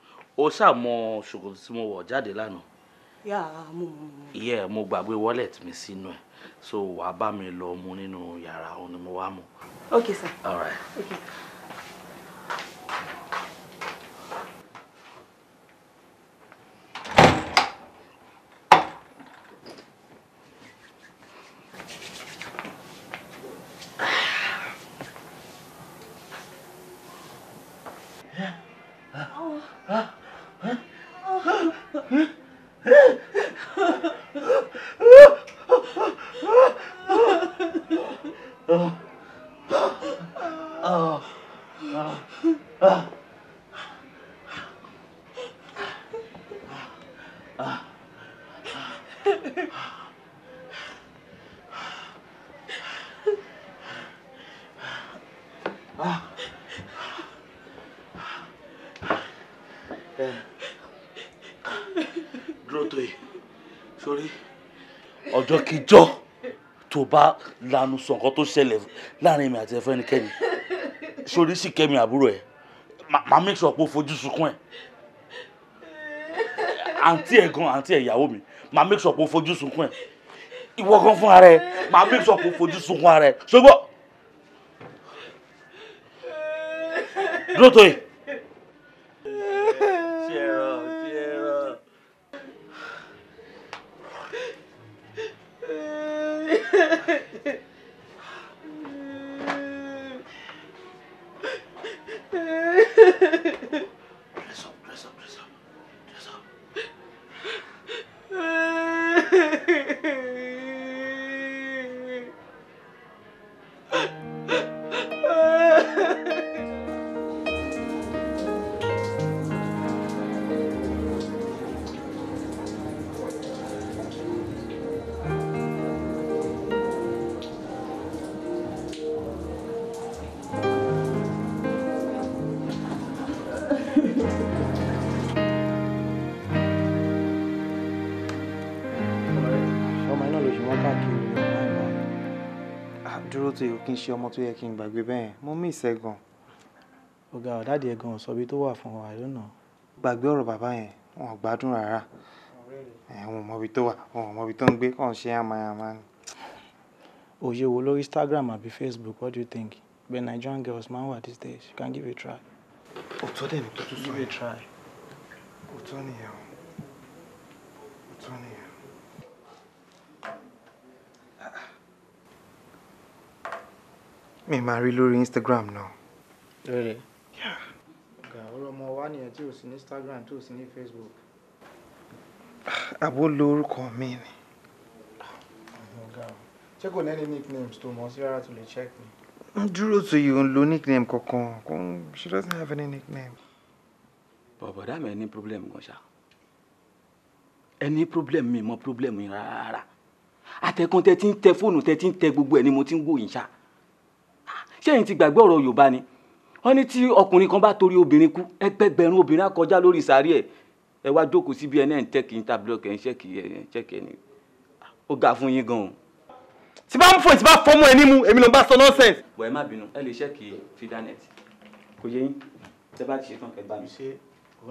ṣáà mọ ṣòkòtò tí mo wọ̀ jáde lánàá. yà á Yeah, mú mú. mo gbàgbé wallet mi sínú so wàá bá mi lọ mú nínú yàrá òun ni mo wá mú. sir. all right. okay. ìjọkíjọ́ tó bá lanu sọ nǹkan tó ṣẹlẹ̀ láàrin mi àti ẹfẹ́nikẹ́ni sórí sì kẹ́mi àbúrò ẹ̀ màá make sure pé o fojú sunkún ẹ̀ àǹtí ẹ̀ gan àǹtí ẹ̀ ìyàwó mi màá make sure pé o fojú sunkún ẹ̀ ìwọ gan fún ara ẹ̀ màá make sure pé o fojú sunkún ara ẹ̀ ṣùgbọ́n dúró tó yìí. tó yẹ kí n ṣe ọmọ tó yẹ kí n gbàgbé bẹ́ẹ̀ mo mí ìṣẹ́ gan. ọ̀gá ọ̀dàdì ẹ̀ gan sọ bí tó wà fún wa lónà. gbàgbé ọ̀rọ̀ bàbá yẹn wọn ò gbádùn rárá wọn ò mọbi tó wà wọn ò mọbi tó ń gbé kàn ṣe àmàyàmá òye wo lórí Instagram àbí Facebook what do you think bẹ́ẹ̀ Nigerian girls máa ń wà these days you can give it a try. òtọ́ dẹ̀ ni tó tún sọ yẹn òtọ́ nìyẹn òtọ́ nìyẹn. mi máa rí Instagram now. Really? Yeah. ọ̀gá ọ̀rọ̀ ọmọ wa nìyẹn tí ò sí ní Instagram tí ò sí ní Facebook. àbó lo orúkọ mi ni. ọ̀gá ṣé kò lẹ́ni nicknames tó mọ̀ sí rárá tó lè check me. dúró tó yìí ò ń lo nickname kankan kò she doesn't have any nickname. bọ̀bọ̀ dá mi ní problem gan ṣá ẹni problem mi mọ problem rárá àtẹkùn tẹ ti ń tẹ fóònù tẹ ti ń tẹ gbogbo ẹ ni mo ti ń wò ṣá ṣẹ́yìn ti gbàgbé ọ̀rọ̀ Yorùbá ni wọ́n ní tí ọkùnrin kan bá torí obìnrin kú ẹgbẹgbẹ̀rún obìnrin á lórí sàárì ẹ̀ ẹ wá jókòó síbi ẹ̀ náà ń tẹ́kì ń tábìlọ́ọ̀kì ẹ̀ ń ṣẹ́kì ẹ̀ ń ṣẹ́kì ẹ̀ ni ó ga fún yín gan-an. tí bá ń fò tí bá fọmọ ẹ nímú èmi ló bá sọ nọ́ọ̀sẹ̀ǹsì. wọ́n má bínú ẹ lè ṣẹ́kì fidanẹ́tì kò yẹ yín tẹ bá ti ṣe tán kẹ bá mi ṣe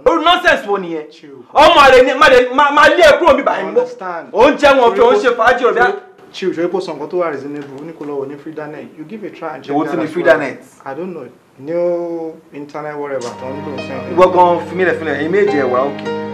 lórí wo nìyẹn ọmọ rẹ ni má lé ẹ kúrò mi báyìí ṣé òṣèré kò san nǹkan tó wà reasonable ó ní kó lọ wọ ní freedanet you give a try and check that as well. èwo tún ni i don't know new internet whatever tó ń lò sẹ́yìn. gbọ́ngàn fìmílẹ̀ fìmílẹ̀ ẹ̀yin méje ẹ̀wà òkè.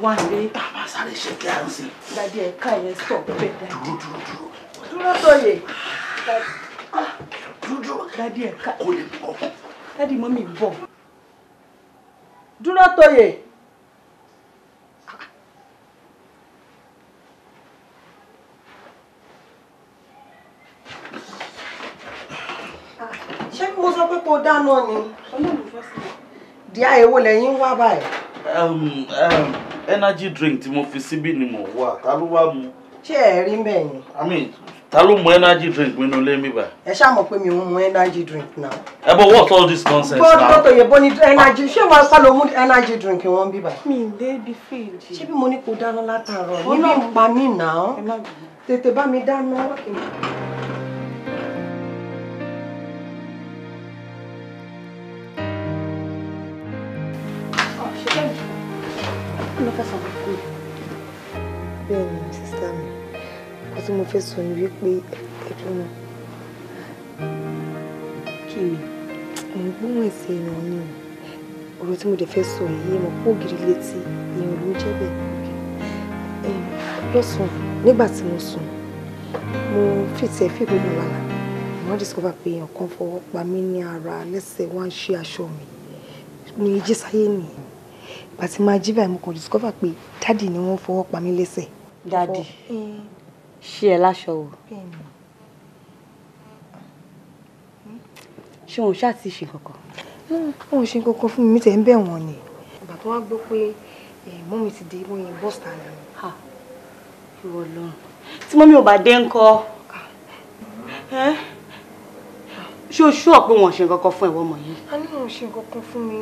wà nílé. bàbá sáré ṣe kí à ń sìn. dàdí ẹ ká yẹn sọ bẹ́ẹ̀ dàdí. dúró dúró dúró. dúró sóye. dúró dúró. dàdí ẹ ká. kò lè bọ̀. dàdí mọ́ mi bọ̀. dúró tóye. ṣé mo sọ pé kó dáná ni. díà èwo lẹ́yìn wá báyìí. Um, um, energy drink tí mo fi síbí ni mo wà ta ló wá mu. ṣé ẹ rí bẹ́ẹ̀ ni. i mean ta ló mu energy drink mi nínú ilé mi bá. ẹ ṣáà mọ̀ pé mi ò mu energy drink now. ẹ bọ what all this nonsense now. bọ́ọ̀dù tó yẹ bó ní energy ṣé wàá sá lọ mú energy drink wọn bí bá. mi ì débi fèèjì. ṣé bí mo ní kó dáná látàárọ̀ nínú ìpa mi nà án tètè bá mi dáná. fẹ́ sọ ni wípé ẹ̀dùnmọ̀ kí ni mo ń gbóhùn ẹ̀sẹ̀ èèyàn ni ọ̀rọ̀ tí mo dẹ̀ fẹ́ sọ yìí mo pọ̀ gírí létí èèyàn ló ń jẹ́ bẹ́ẹ̀ lọ́sàn-án nígbà tí mo sùn mo fìtì ẹ̀ fìgbó mi lálàá mo discover pé èèyàn kan fọwọ́ pa mí ní ara lẹ́sẹ̀ wá ń ṣe aṣọ mi mo yẹ nìyẹn ìgbà tí máa jí báyìí mo kàn discover pé dáàdì ni wọ́n fọwọ́ pa mí lẹ́sẹ̀. dáàdì ṣí ẹ láṣọ wò ṣé òun ṣáà ti ṣe kankan. òun hmm, ṣe kankan fún mi mi tẹ̀ ń bẹ̀ wọ́n ni. ìgbà tó wá gbọ́ pé eh, mọ́mí ti dé mọ́ yẹn bọ́ọ̀sì tán ni. ìwọ lọ́run tí mọ́mí ò bá dé ńkọ́ ah. eh? ṣé o ṣú ọ̀pẹ wọn ṣe kankan fún ẹ̀wọ́ ọmọ yìí. a ní wọn ṣe kankan fún mi.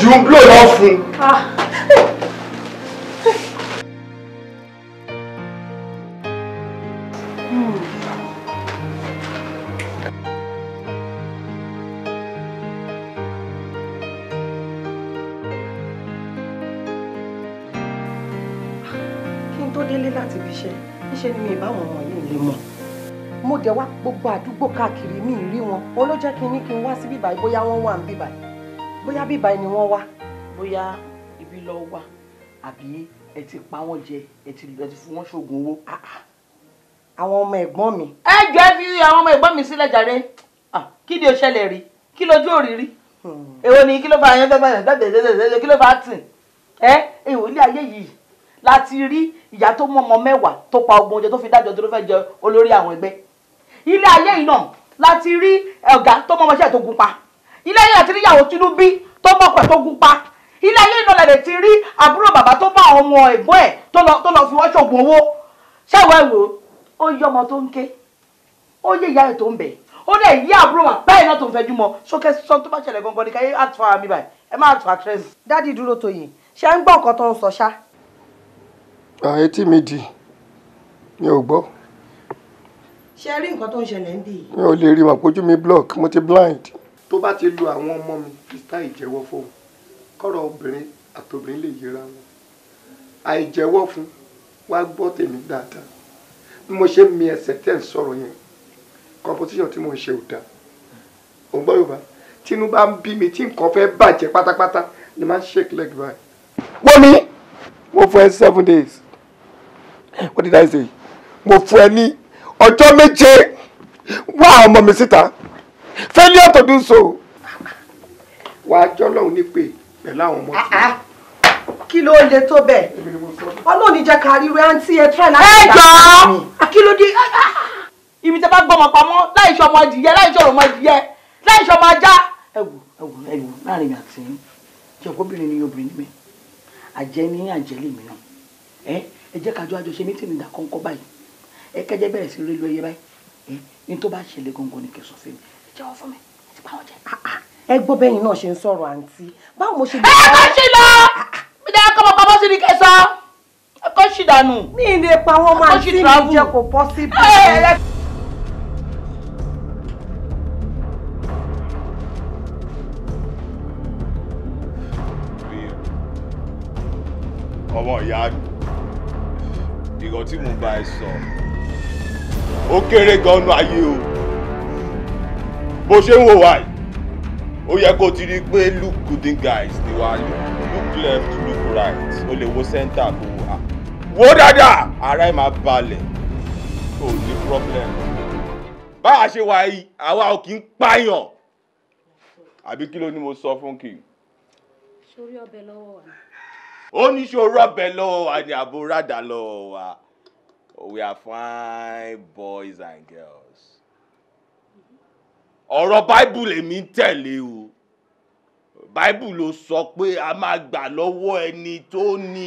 jù ú lò lọ fún. kí n tó délé láti fi ṣe níṣẹ́ ni mi ìbáwọn ọmọ yìí lè mọ̀ mo dẹ̀ wá gbogbo àdúgbò káàkiri mi rí wọn òun ló jẹ́ kí n ní kí n wá sí bíbáyìí bóyá wọ́n wà ń bíbáyìí bóyá bíbá ẹni wọ́n wá bóyá ibi lọ wá àbí ẹ ti pa wọ́n jẹ ẹ ti fún wọn ṣoògùn owó ah, ah. àwọn ọmọ ẹ̀gbọ́n mi. ẹ jọ ẹ fi àwọn ọmọ ẹ̀gbọ́n mi sílẹ̀ jàre ah, kí ni o ṣẹlẹ̀ rí kí lójú òrìrí hmm. èwo ni kí ló fa àyànfẹ́ bẹ́ẹ̀ bẹ́ẹ̀ kí ló fa tì ẹ èwo ilé ayé yìí láti rí ìyá tó mú ọmọ mẹ́wàá tó pa ọgbọ̀n oúnjẹ tó fi dájọ́ tó ló fẹ́ jẹ olórí àwọn ẹgbẹ́ ilé ayé yìí náà láti rí ọ̀gá tó mọ ọmọọṣẹ́ tó gun pa ilé ayé àti níyàwó tinubu tó mọ̀pẹ̀ tó gún pa ilé ayé ìnọ̀lẹ̀ lè ti rí àbúrò bàbá tó bá ọmọ ẹ̀gbọ́n ẹ̀ tó lọ fi wọ́n ṣògùn owó ṣẹ́wọ́ ẹ̀wò ó yí ọmọ tó ń ké ó yé ìyá ẹ̀ tó ń bẹ̀ ó dẹ̀ yí àbúrò wà bẹ́ẹ̀ náà tó ń fẹjú mọ́ sókè sọ tó bá ṣẹlẹ̀ gangan ní ká yé àtúfà mi báyìí ẹ má àtúfà tírẹ́sì. dádì dúró toyè ṣe ń gbọ́ nǹkan tó ń sọ ṣá. àyètí mi di mi ò gbọ́. ṣe rí nǹkan tó ń ṣẹlẹ̀ ń bì. mi ò lè rí màpójú mi block mo ti blind tó bá ti lu àwọn ọmọ mi ìta ìjẹ́wọ́ fóun kọ́rọ̀ obìnrin àtòbìnrin lè yẹra wọn àìjẹ́wọ́ fún wá gbọ́ tèmi dáadáa bí mo ṣe mi ẹsẹ̀ tẹ́ ń sọ̀rọ̀ yẹn Composition tí mo ń ṣe ò dáa ò ń gbọ́ yorùbá tínú bá ń bí mi tí nǹkan fẹ́ bàjẹ́ pátápátá ni máa ń shake leg báyìí. wọ́n mi mo fún ẹ seven days what did I say mo fún ẹ ní ọjọ́ méje wá ọmọ mi síta failure to do so wàá jọlọ́run ní pé pẹ̀lú àwọn ọmọ tí ah, ah. kí ló le tó bẹ́ẹ̀ ọlọ́ọ̀ni jẹ́ ká rí rẹ àǹtí ẹ tíráì láti ṣe àǹtí hmm. ah, kí ló dé. ibi tẹ bá gbọmọ pamọ́ láì ṣọmọ adìyẹ láì ṣọrọ ọmọ adìyẹ láì ṣọmọ ajá. ẹ wò ẹ wò ẹ wò láàrin mi àti yín ṣe ọkọbìnrin ni obìnrin mi àjẹ́ ní àjẹlé mi náà ẹ ẹ jẹ́ kájọ àjọṣe mi tì mí dà kọ́ńkọ́ báyìí ẹ kẹjẹ bẹ̀rẹ̀ sí rélu ẹyẹ báyìí ẹ ní tó bá ṣẹlẹ̀ gọ́ngọ́ ni kẹsàn-án fún mi jẹ́wọ́ fún mi ẹ ti pa wọ́n jẹ. Ah, ah, ẹ gbọ́ bẹ́yìn náà ṣe ń sọ̀rọ̀ àǹtí báwo mo ṣe. ẹ kọ́ sí lọ ah, mi dẹ́ kọ́ mọ pamọ́ sí ni kẹsọ ẹ kọ́ sí dànù. mi ì lè pa wọn máa tí mi jẹ kò pọ́ sí bí. ọmọ ìyá ìgbọ̀n tí mo bá ẹ sọ ó kéré gan ayé o bó ṣe ń wò wá yìí ó yẹ kó ti rí i pé look good guys ni wàá yọ look left look right ó lè wo center kó wò á wò dáadáa ara ẹ̀ máa balẹ̀ ó ní problem bá a ṣe wà yìí àwa ò kì í pààyàn àbí kí ló ní mo sọ fún kì í. sórí ọbẹ̀ lọ́wọ́ wa. ó ní sórí ọbẹ̀ lọ́wọ́ wa ni àbúrò rádà lọ́wọ́ wa we are fine boys and girls ọ̀rọ̀ bible èmi ń tẹ̀lé o bible ló sọ pé a máa gbà lọ́wọ́ ẹni tó ní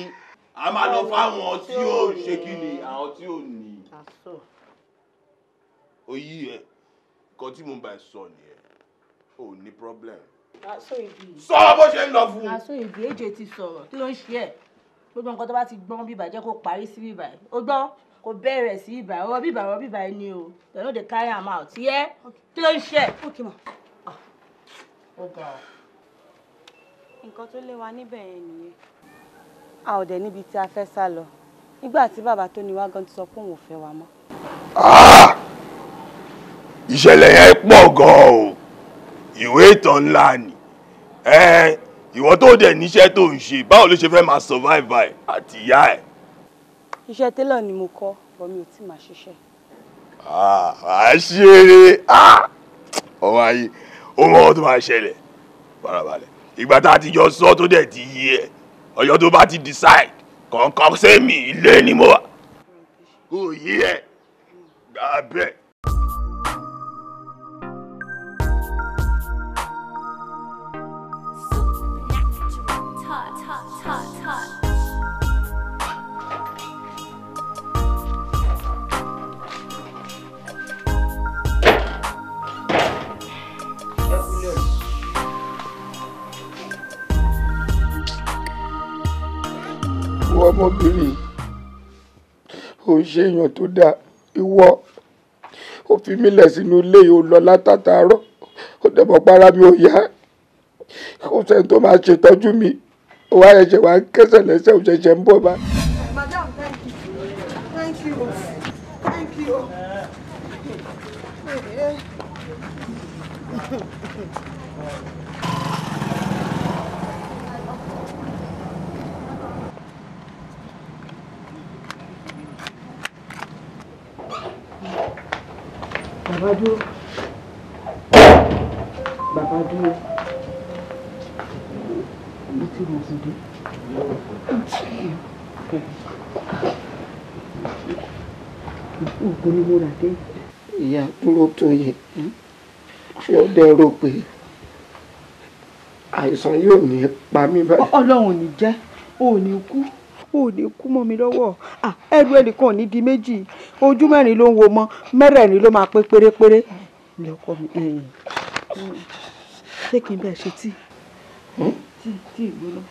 a máa lọ fáwọn tí ó ṣe kí ni àwọn tí ó ní oyí ẹ kan tí mo bá ẹ sọ nìyẹn ò ní problem. sọ bó ṣe ń lọ fún un. aṣọ ìbí èjè ti sọ̀rọ̀ kí ló ń ṣe ẹ̀ gbogbo nǹkan tó bá ti gbọ́n bíbà jẹ́ kó parí sí bíbà ó gbọ́n kò bẹ̀rẹ̀ sí ibà ọwọ́ bíbà ọwọ́ bíbà ẹ ní o they no dey carry am out yẹ kí ló ń ṣe. Ah. nǹkan tó lé wa níbẹ̀ yẹn nìyẹn a ò dẹ̀ níbi tí a fẹ́ sá lọ nígbà tí bàbá tó ní wá gan ti sọ pé òun ò fẹ́ wa mọ́. Ah! ìṣẹ̀lẹ̀ yẹn pọ̀ gan-an o ìwé ìtàn ńlá ni ìwọ tó dẹ̀ níṣẹ́ tó ń ṣe báwo ló ṣe fẹ́ máa survive by àti ìyá ẹ̀ iṣẹ́ télọ̀ ni mo kọ́ bọ́ mi ò tí máa ṣiṣẹ́. Ah, àṣeré ah! ọmọ ayé ó mọ ohun tó máa ṣẹlẹ̀ farabalẹ̀ ìgbà tá a ti jọ sọ tó dẹ̀ ti yí ẹ̀ ọjọ́ tó bá ti decide kọ̀ọ̀kan sẹ́mi ilé ni mo wà kò yí ẹ̀ gbà bẹ́ẹ̀. ọmọbìnrin ò ń ṣe èèyàn tó dáa ìwọ ò fi mí lẹ̀ sínú ilé yìí ò lọ látàtàárọ̀ ò dẹ̀bọ̀ para mi ò yá kò sẹ́ni tó máa ṣètọ́jú mi ò wá ẹ̀ṣẹ̀ wá kẹsẹ̀ lẹ́sẹ̀ ò ń bọ̀ báyìí. bàbá dúró bàbá dúró mo ti mọ̀ kùdé. Ògùn ni mo rà dé. Ìyá dúró tó yẹ. Ṣé ó dẹ́ rò pé àìsàn yóò ní pa mí báyìí? Ọlọ́run ò ní jẹ́, ò ní kú, ò ní kú mọ́ mi lọ́wọ́. Ẹrù ẹnìkan ò ní di méjì ojú mẹ́rin ló ń wo mọ́ mẹ́rẹ̀ẹ̀rin ló máa pé pérépéré ilé ọkọ mi eh. ṣé kí n bẹ́ẹ̀ ṣe tíì hmm? tíì tíì gbóná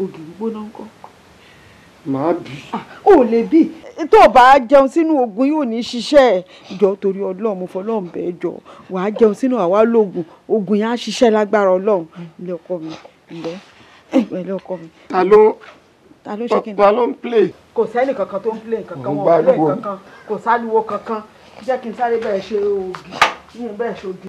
ògì gbóná ń kọ́. màá bì. ó ah, lè bì tó o bá jẹun sínú oògùn yóò ní ṣiṣẹ́ jọ torí ọlọ́run mo fọlọ́run bẹ́ẹ̀ jọ wàá jẹun sínú àwa lóògùn oògùn yẹn á ṣiṣẹ́ lágbára ọlọ́run ilé ọkọ mi eh. ilé ọkọ mi. ta ló ta ló ṣe kí n. ta ló ń play. kò sẹ́ni kankan tó ń play kankan wọn ò play kankan kò sáliwo kankan jẹ́ kí n sáré bẹ́ẹ̀ ṣe ògì mú bẹ́ẹ̀ ṣe ògì.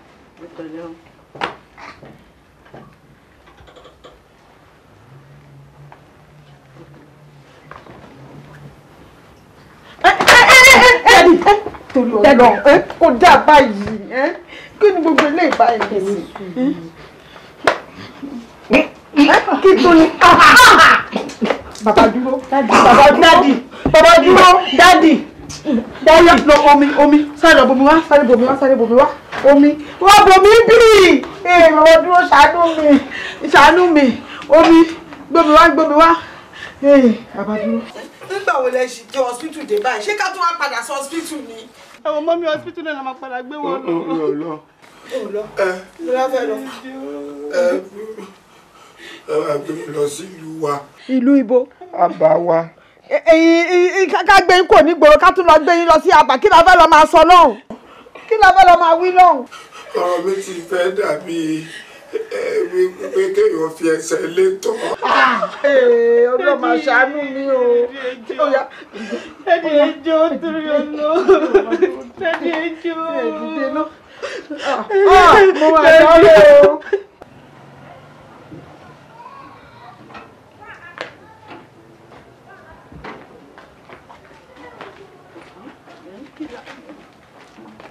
tẹlọ kò dà báyìí kí ni gbogbo ilé ìbá ẹ̀ fèsì kí tó ní. bàbá dúró daddy, daddy, bàbá dúró dádì dáyà lọ omi omi Sorry, bomi wá sáré bomi wá sáré bomi wá omi wá bomi bì ee bàbá dúró ṣàánú mi ṣàánú mi omi gbómi wá gbómi wá Hey, bàbá dúró. nígbà wo lẹ ṣì dé hospital dé báyìí ṣé ká tún wá padà sí hospital ni. àwọn ọmọ mi hospital náà la máa padà gbé wọn lọ. ò lọ ò lọ lọ ẹ máa gbé mi lọ sílùú wa. ìlú ibo. àbá wa. ẹyin ká gbé yín kò ní gbòòrò ká tún lọ gbé yín lọ sí àbá kí la fẹ́ lọ máa sọ lọ́hùn kí la fẹ́ lọ máa wí lọ́hùn. ọ̀rọ̀ mi ti fẹ́ dàbí pé kéèyàn fi ẹsẹ̀ lé tọ́. Ah, eh, ọlọ́ máa ṣàánú mi o. ẹni ẹjọ́ torí ọlọ́ ẹni ẹjọ́. mo máa ṣàánú o.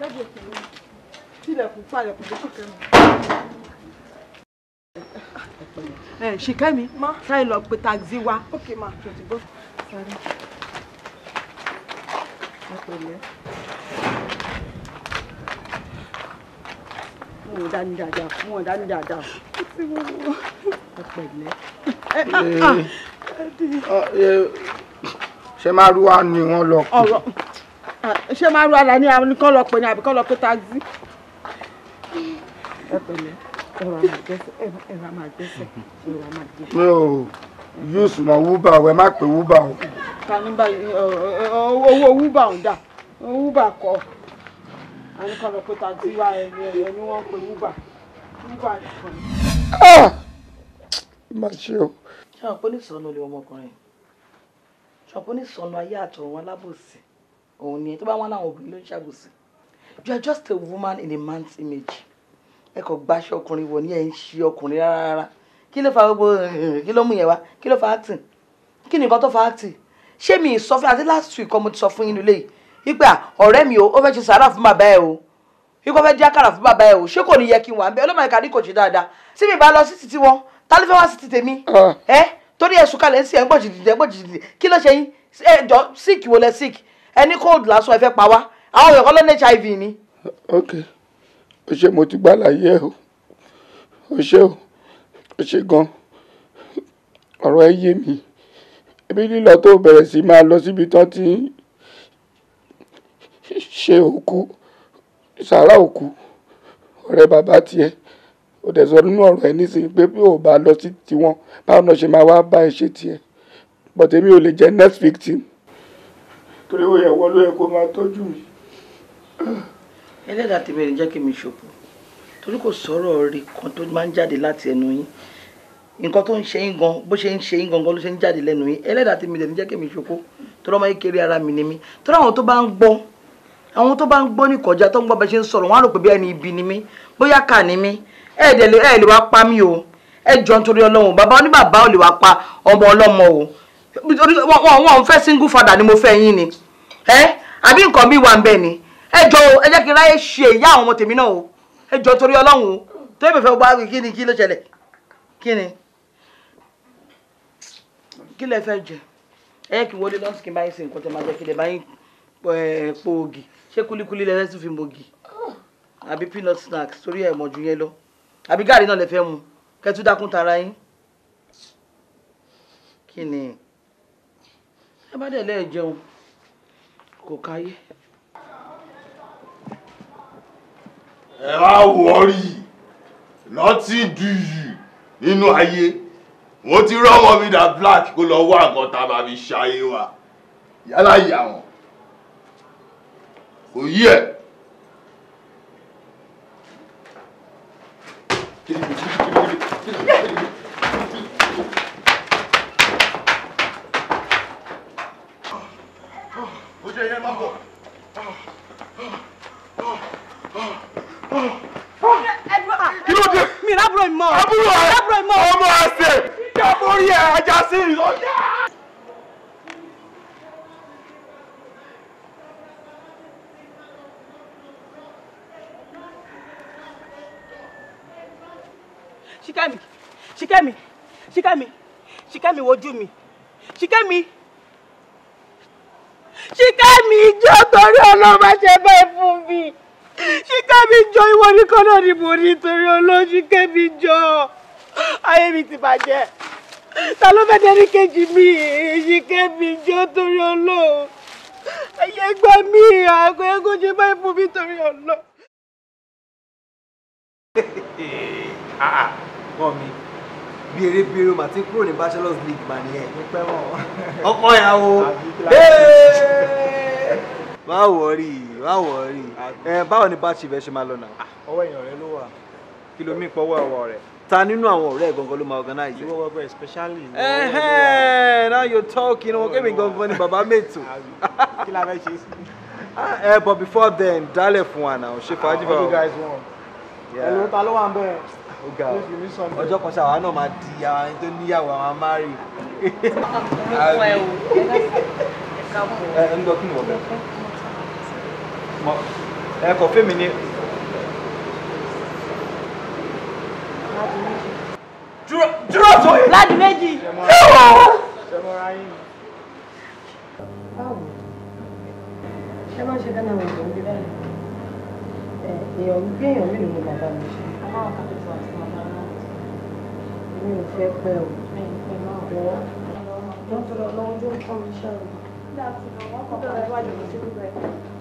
jáde ẹ̀kọ́ lọ tilẹ̀kùn palẹ̀kùn lókè kẹ́mi. ẹ taxi wa. ok ma tó ti bọ́ sáré. ẹ pẹ̀lẹ́. wọn dání dáadáa fún wọn dání dáadáa. ẹ pẹ̀lẹ́. Ah, eh, ah, ah, eh, ṣé máa rú wa ni wọ́n lọ kù ṣé máa ru ara ní àwọn nìkan lọ pè ní àbí kọ́ lọ pé taxi. ẹ pẹ̀lẹ́ ẹ̀rọ àmàgbẹ́sẹ̀ ẹ̀rọ àmàgbẹ́sẹ̀ ẹ̀rọ àmàgbẹ́sẹ̀. mi ò yíùsù náà wúbà ọ̀ ẹ má pè wúbà ọ̀. kanimba owó wúbà ń dà wúbà kọ àwọn kan lọ pé taxi ni wọ́n pè wúbà wúbà nìkan. o. ṣé àwọn pólísì ọ̀nà olè ọmọkùnrin ṣọ̀pọ̀ ní sọ̀nà ayé àtọ̀run alábòsí òun ni tó bá wọn láwọn obìnrin ló ń ṣàbòsí you are just a woman in a man's image ẹ kò gbaṣọ ọkùnrin wọ̀ ní ẹ̀ ń ṣe ọkùnrin rárá kí ló fa gbogbo kí ló mú yẹn wá kí ló fa acting kí ni nǹkan tó fa acting ṣé mi sọ fún àti last week ọmọ ti sọ fún yín nílé yìí wípé ọ̀rẹ́ mi o ó fẹ́ ṣe sàárà fún bàbá ẹ o wípé ó fẹ́ jẹ́ àkàrà fún bàbá ẹ o ṣé kò ní yẹ kí n wà bẹ ọlọ́mọ ìka ní kò ṣe dáadáa sí mi bá lọ sí títí wọn ta ló fẹ́ wá sí ti tèmi ah. ẹ torí ẹ̀sùn kalẹ̀ ń sí ẹ̀ ń gbọ̀jìdìdì ẹ̀ ń gbọ̀jìdìdì kí ló ṣe yín ẹ jọ sick wo lẹ sick ẹni cold lásán ẹ fẹ́ pa wá àwọn èèyàn kan ló ní hiv ni. ok o ṣe mo ti gbá láyé ẹ o o ṣe o o ṣe gan ọ̀rọ̀ ẹ yé mi ebi lílọ tó bẹ̀rẹ̀ sí máa lọ síbi tán ti ṣe òkú sàrà òkú ọ̀rẹ́ bàbá tiẹ̀ ó dẹ̀ sọ nínú ọ̀rọ̀ ẹ nísìnyí pé bí ò bá lọ sí tiwọn báwọn náà ṣe máa wá bá ẹ ṣe tiẹ̀ bọ̀tẹ́mi ò lè jẹ́ next victim torí ó yẹ wọ́n ló yẹ kó máa tọ́jú mi. ẹlẹ́dàá tèmi rẹ̀ jẹ́ kí mi ṣòfò torí kò sọ̀rọ̀ rẹ̀ kan tó máa ń jáde láti ẹnu yín nǹkan tó ń ṣe yín gan bó ṣe ń ṣe yín gangan ló ṣe ń jáde lẹ́nu yín ẹlẹ́dàá tèmi rẹ̀ jẹ́ kí mi ṣòfò torí ọmọ kékeré ara mi ni mi torí àwọn tó bá ń gbọ́ àwọn tó bá ń gbọ́ ní kọjá tó ń gbọ́ bẹ ṣe ń sọ̀rọ̀ wọn á rò pé bí ẹni ibi ni mí bóyá kà ni mí ẹ̀ẹ́dẹ̀ ẹ̀ lè wá pa mí o ẹ jọ nítorí ọlọ́run bàbá oníbàbá ò lè wá pa ọmọ ọlọ́mọ o wọn fẹ́ single father ni mo fẹ́ yín ni ẹ àbí nǹkan bí wà ń bẹ ni ẹ jọ o ẹ jẹ́ kí n ráyè ṣe ìyá àwọn ọmọ tèmi náà o ẹ jọ torí ọlọ́run o tó ìbẹ̀fẹ́ gbogbo kí ni kí ló ṣẹlẹ̀ kí ni kí lẹ fẹ́ jẹ ẹ yẹ kí wọlé lọ́sùn kí n bá yín ṣe nǹkan máa jẹ kí lè bá yín po ògì ṣé kúlíkúlí lẹ fẹ́ tún fi mu ògì àbí peanut snacks torí ẹ̀ mọ̀jú yẹn lọ àbí gàrí náà lẹ fẹ́ mu kẹtù dákún tara yín kí ni ẹ bá dẹ̀ lẹ́ẹ̀ jẹun kò káyé. ẹ wá wọrí lọtí dùyù nínú ayé mo ti rọmọ mi dà black kó lọ wá nǹkan tá a máa fi ṣayé wa yálà ìyá wọn kò yí ẹ. Yeah. ìmọ̀ àbúrò ẹ̀ ọmọ ẹ̀sẹ̀ ìjà mórí ẹ̀ ajá sí ìlọ́jà. Ṣíkẹ́mi Ṣíkẹ́mi Ṣíkẹ́mi Ṣíkẹ́mi wojú mi Ṣíkẹ́mi Ṣíkẹ́mi ìjọ torí ọlọ́mọ ṣe bẹ́ẹ̀ fún mi ṣíkẹ́ mi jọ ìwọ nìkan náà ni mo ní torí olóhùn ṣíkẹ́ mi jọ ayé mi ti bàjẹ́ ta ló fẹ́ dẹ́rí kejì mi ṣíkẹ́ mi jọ torí olóhùn ẹ̀yẹ́ gbà mí àgọ́ ẹ̀gọ́ ṣe báyìí fún mi torí olóhùn. kọ́ ah, ah, mi bí eré bí eré màtí kúrò ní bachelors league mà nìyẹn ọkọ ìyàwó má wọrí má wọrí ẹ báwo ni bá ti fẹ́ ṣe máa lọ náà. ọwọ́ èèyàn rẹ ló wà kí ló mí pọ́wọ́ ọwọ́ rẹ. ta nínú àwọn ọ̀rẹ́ gangan ló máa organize. ìwọ gbogbo especially. ẹ ẹ now you talking wọn kébì gangan ni bàbá mẹ́tò. kí la fẹ́ ṣe sí. ẹ eh, but before then dálẹ̀ fún wa náà ṣe fàájì bá wa. ẹ̀lú ta ló wà ń bẹ̀. ọjọ́ kan ṣàwọn náà máa di àwọn ẹni tó níyàwó àwọn amárì. Eh, ẹ ń gbọ́ kí ni wọ́n bẹ̀rẹ̀ ẹ̀kọ́ fẹ́mi ni. dúró tó yẹ. láti méjì. báwo ṣé máa ń ṣe dáná àwọn èèyàn gbé báyìí èèyàn gbé èèyàn mélòó ni bàbá mi ṣe. a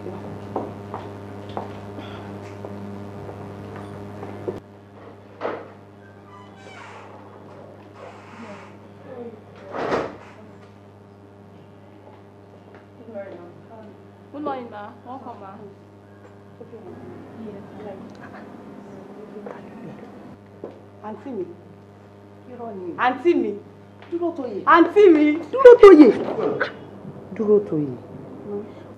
àǹtí mi àǹtí mi dúró tóyè àǹtí mi dúró tóyè dúró tóyè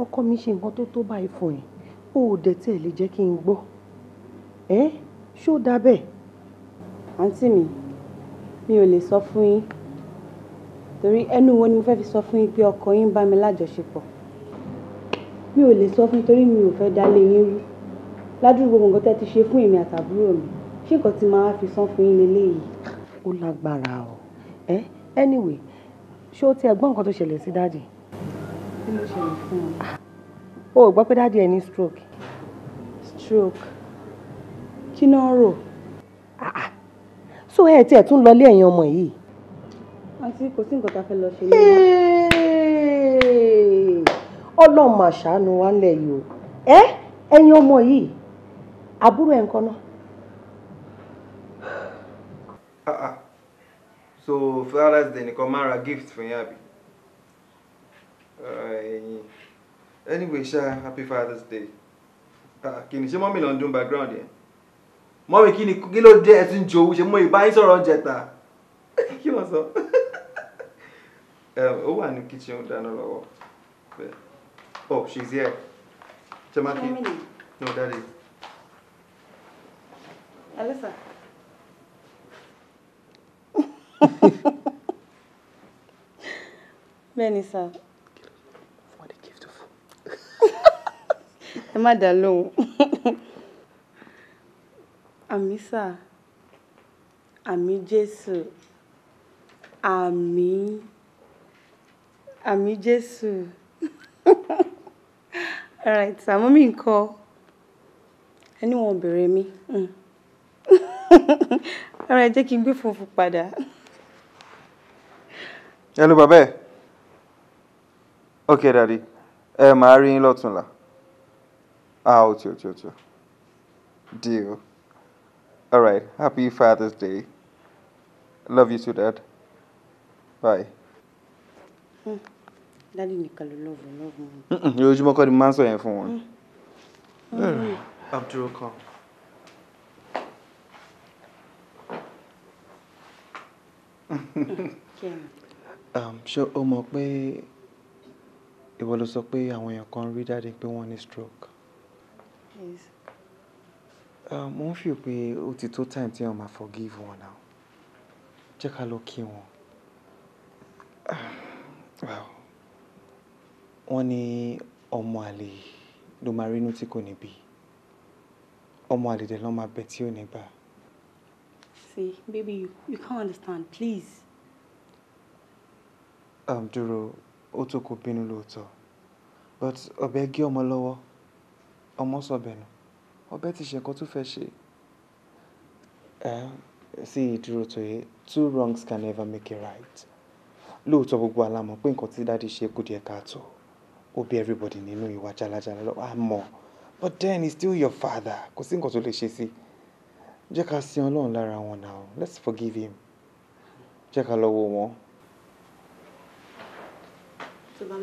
ọkọ mi ṣe nǹkan tó tó báyìí fún ẹ o ò dẹ̀ tí ẹ lè jẹ́ kí n gbọ́ ẹ ṣó dáa bẹ́ẹ̀. àǹtí mi mi ò lè sọ fún yín torí ẹnu wo ni mo fẹ́ fi sọ fún yín pé ọkọ yín bá mi lájọṣepọ̀ mi ò lè sọ fún yín torí mi ò fẹ́ dá lé yín rú ládùúgbò gbogbo tẹ́ ti ṣe fún èmi àtàbúrò mi ṣé nǹkan tí màá fi san fún yín leléyìí ó lágbára o ẹ anyway ṣé o ti ẹ̀ gbọ́ nǹkan tó ṣẹlẹ̀ sí dáàdì. kí ló ṣẹlẹ̀ fún ọ. o ò gbọ́ pé dáàdì ẹ ní stroke. stroke kí náà rò. Ah, ah. so ẹ tiẹ̀ tún lọlé ẹ̀yin ọmọ yìí. àǹtí kò sí nǹkan tá a fẹ́ lọ ṣe lẹ́yìn. ọlọ́run mà ṣàánú wa ńlẹ̀ yìí o ẹ ẹ̀yin ọmọ yìí àbúrò ẹ̀ ń kọ́ náà ah ah so father's day nìkan máa a gift for yín àbí anyway ṣá happy father's day kì ní ṣe mọ́mí ló ń dún background yẹn Mommy kí ni kí ló dé ẹ ti ń jowú ṣe mo ìbá yín you jẹta kí wọ́n sọ eh, ó wà ní kitchen ó dáná lọ́wọ́ oh she's here chemaki no daddy. Elisa. Many bẹ́ẹ̀ni sá. ẹ má dá lóhùn àmì sá àmì jésù àmì àmì jésù alright sá mọ́mí ńkọ́ ẹni wọn ò béèrè mi. Mm. All right, taking kí n gbé hello bàbá ẹ̀ ok dadi ẹ máa rí yín lọ́túnla ah ọtí ọtí ọtí deal right. happy father's day love you too dad bye. Hmm. dadi nìkan ló lọ́ọ̀bù lọ́ọ̀bù mi. ojoojúmọ́ kọ́ ni máa ń sọ yẹn fún wọn. Hmm. abdul kan. Hmm. Kim um, ṣé o mọ̀ pé ìwọ ló sọ pé àwọn èèyàn kan rí jáde pé wọ́n ní stroke? Yes. Um, mo ń fi pé ó ti tó time tí wọ́n máa forgive wọn now. Jẹ́ ká lọ kí wọn. Wow. Wọ́n ní ọmọ àlè ló máa rínú tí kò ní bí. Ọmọ àlè dẹ̀ ló máa bẹ tí ò ní gbà. See, baby, you, you can't understand, please um, dúró ó tó kò bínú but ọ̀bẹ gé ọmọ lọ́wọ́ ọmọ sọ̀bẹ̀ nù ọ̀bẹ ti ṣe nǹkan tó fẹ́ ṣe ẹ sí ìdúró tó yẹ two wrongs can never make a right lóòótọ́ gbogbo alámọ̀ pé nǹkan tí dáàdi ṣe kù díẹ̀ káàtó ó bí everybody nínú ìwà jálajàla lọ àmọ́ but then he's still your father kò sí nǹkan tó lè ṣe sí jẹ́ ká sin ọlọ́run lára wọn náà let's forgive him jẹ́ ká lọ wo wọn tó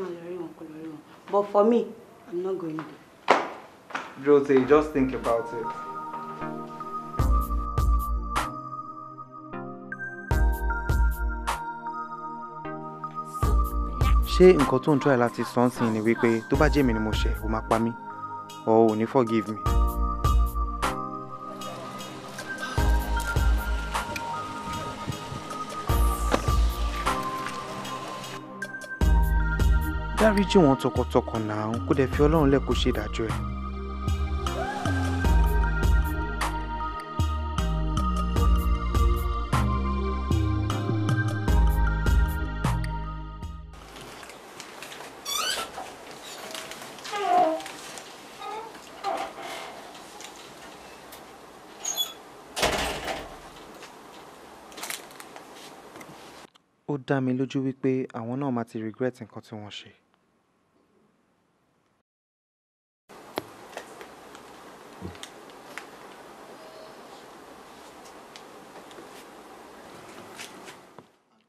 but for me i'm not going there. Jote, just think about it. ṣé nǹkan tó ń tọ́ ẹ láti sọ́nsìn ni wípé tó bá jẹ́ mi ni mo ṣẹ̀ o máa pa mí or ò ní forgive me. dáríjì wọn tọkàntọkàn náà kó dẹ̀ fi ọlọ́run lẹ̀ kó ṣe ìdájọ́ ẹ̀. ó dá mi lójú wípé àwọn náà máa ti regret nǹkan tí wọ́n ṣe.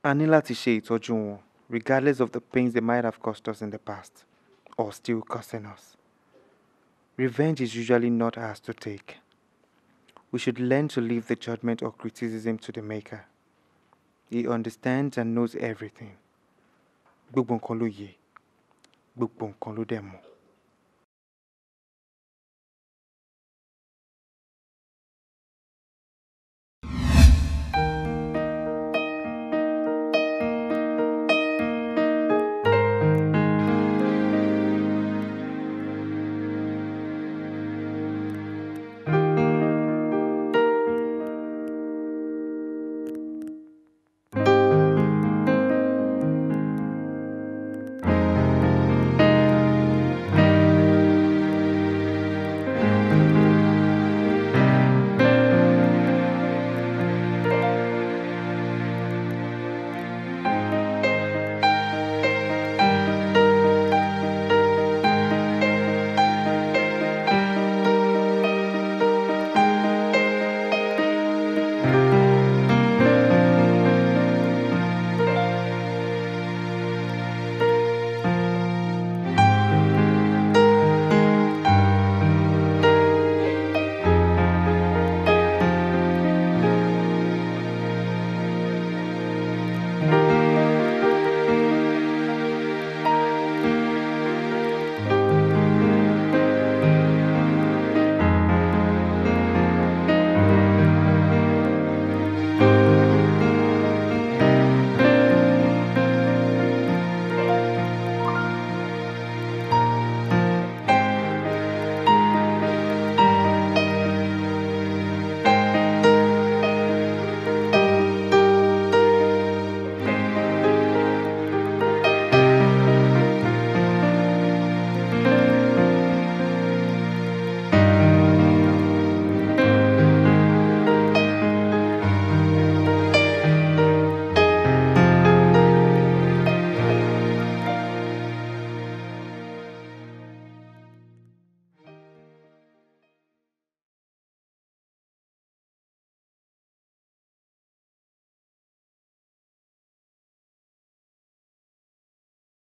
a ní láti ṣe ìtọ́jú wọn regardless of the pains they might have caused us in the past or still causing us. Revenge is usually not ours to take. We should learn to leave the judgment or criticism to the Maker. He understands and knows everything. Gbogbo ló yé, gbogbo nǹkan ló dẹ̀ mọ̀.